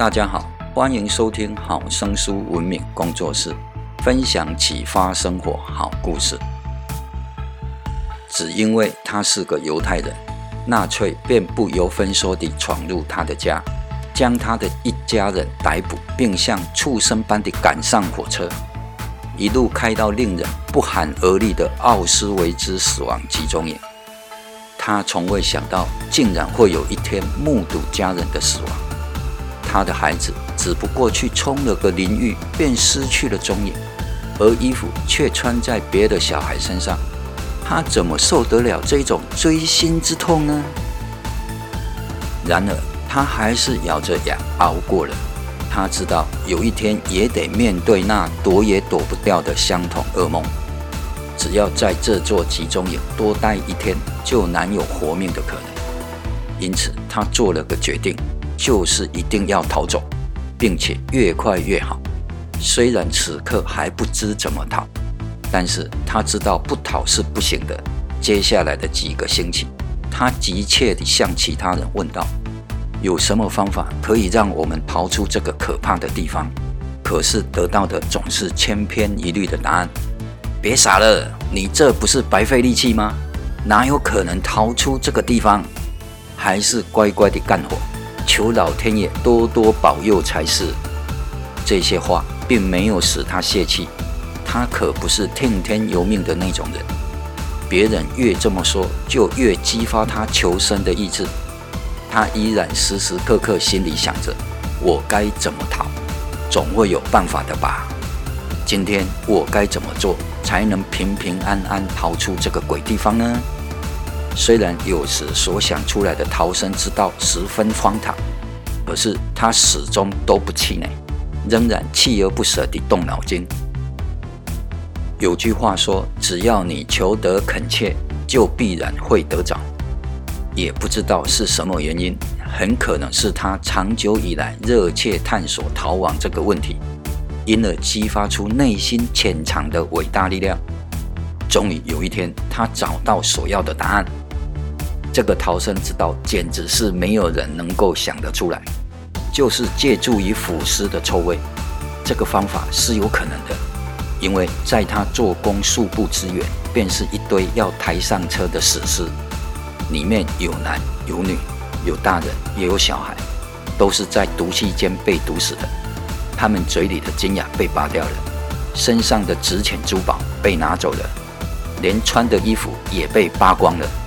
大家好，歡迎收聽好生書文明工作室分享啟發生活好故事。只因為他是個猶太人，納粹便不由分說地闖入他的家，將他的一家人逮捕，並像畜生般地趕上火車，一路開到令人不寒而慄的奧斯維茲死亡集中營。他從未想到，竟然會有一天目睹家人的死亡。他的孩子只不過去沖了個淋浴，便失去了蹤影，而衣服卻穿在別的小孩身上，他怎麼受得了這種錐心之痛呢？然而，他還是咬着牙熬過了。他知道有一天也得面對那躲也躲不掉的相同噩夢。只要在這座集中營多待一天，就難有活命的可能。因此，他做了個決定。就是一定要逃走，並且越快越好。雖然此刻還不知怎麼逃，但是他知道不逃是不行的。接下來的幾個星期，他急切地向其他人問道：“有什麼方法可以讓我們逃出這個可怕的地方？”可是得到的總是千篇一律的答案：“別傻了，你這不是白費力氣嗎？哪有可能逃出這個地方？還是乖乖地幹活。”求老天爺多多保佑才是。這些話並沒有使他洩氣，他可不是聽天由命的那種人。別人越這麼說，就越激發他求生的意志。他依然時時刻刻心裡想着：我該怎麼逃？總會有辦法的吧？今天我該怎麼做才能平平安安逃出這個鬼地方呢？雖然有時所想出來的逃生之道十分荒唐，可是他始終都不氣餒，仍然鍥而不捨地動腦筋。有句話說：“只要你求得懇切，就必然會得着。”也不知道是什麼原因，很可能是他長久以來熱切探索逃亡這個問題，因而激發出內心潛藏的偉大力量。終於有一天，他找到所要的答案。這個逃生之道簡直是沒有人能夠想得出來，就是借助於腐屍的臭味。這個方法是有可能的，因為在他做工數步之遠，便是一堆要抬上車的死屍，裡面有男有女，有大人也有小孩，都是在毒氣間被毒死的。他們嘴裡的金牙被拔掉了，身上的值錢珠寶被拿走了，連穿的衣服也被扒光了。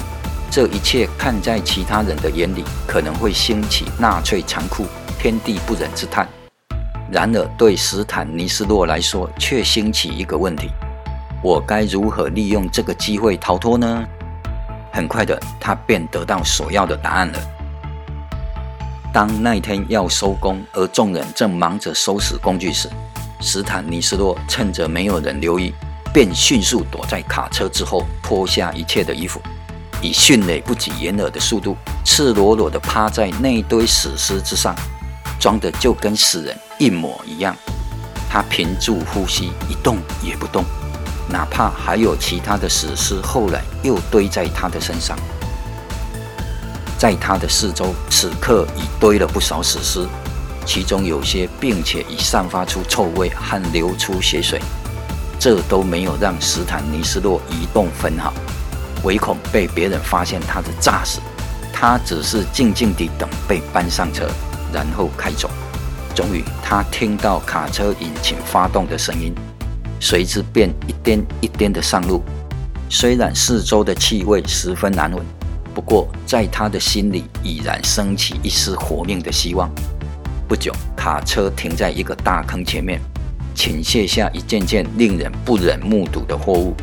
這一切看在其他人的眼裡，可能會興起納粹殘酷、天地不仁之嘆。然而，對斯坦尼斯洛來說，卻興起一個問題：我該如何利用這個機會逃脫呢？很快的，他便得到所要的答案了。當那天要收工，而眾人正忙着收拾工具時，斯坦尼斯洛趁着沒有人留意，便迅速躲在卡車之後，脫下一切的衣服。以迅雷不及掩耳的速度，赤裸裸地趴在那堆死屍之上，裝得就跟死人一模一樣。他屏住呼吸，一動也不動，哪怕還有其他的死屍後來又堆在他的身上。在他的四周，此刻已堆了不少死屍，其中有些並且已散發出臭味和流出血水，這都沒有讓斯坦尼斯洛移動分毫。唯恐被別人發現他的詐死，他只是靜靜地等被搬上車，然後開走。終於，他聽到卡車引擎發動的聲音，隨之便一顛一顛地上路。雖然四周的氣味十分難聞，不過在他的心裡已然升起一絲活命的希望。不久，卡車停在一個大坑前面，傾卸下一件件令人不忍目睹的貨物。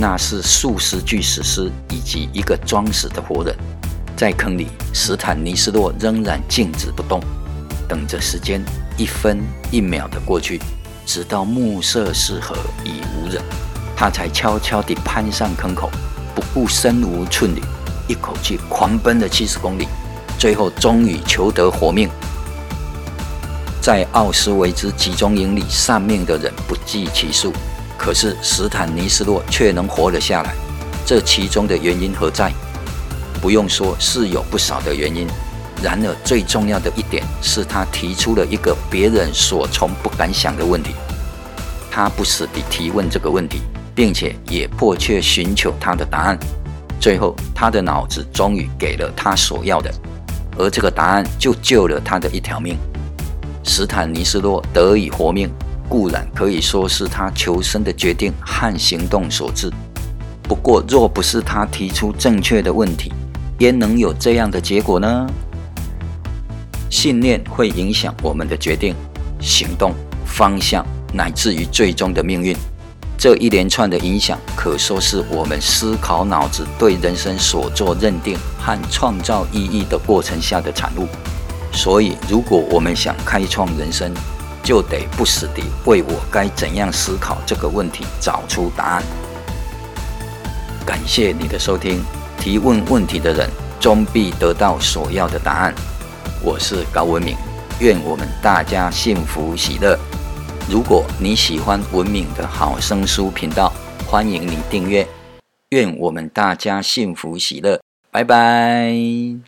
那是數十具死屍以及一個裝死的活人。在坑裡，斯坦尼斯洛仍然靜止不動，等着時間一分一秒地過去，直到暮色四合，已無人，他才悄悄地攀上坑口，不顧身無寸縷，一口氣狂奔了七十公里，最後終於求得活命。在奧斯維茲集中營裡喪命的人不計其數。可是，斯坦尼斯洛卻能活了下來，這其中的原因何在？不用說，是有不少的原因。然而，最重要的一點是他提出了一個別人所從不敢想的問題。他不時地提問這個問題，並且也迫切尋求他的答案。最後，他的腦子終於給了他所要的，而這個答案就救了他的一條命。斯坦尼斯洛得以活命。固然可以說是他求生的決定和行動所致，不過若不是他提出正確的問題，焉能有這樣的結果呢？信念會影響我們的決定、行動方向，乃至於最終的命運。這一連串的影響，可說是我們思考腦子對人生所做認定和創造意義的過程下的產物。所以，如果我們想開創人生，就得不時地為我該怎樣思考這個問題找出答案。感謝你的收聽，提問問題的人終必得到所要的答案。我是高文明，願我們大家幸福喜樂。如果你喜歡文明的好聲書頻道，歡迎你訂閱。願我們大家幸福喜樂。拜拜。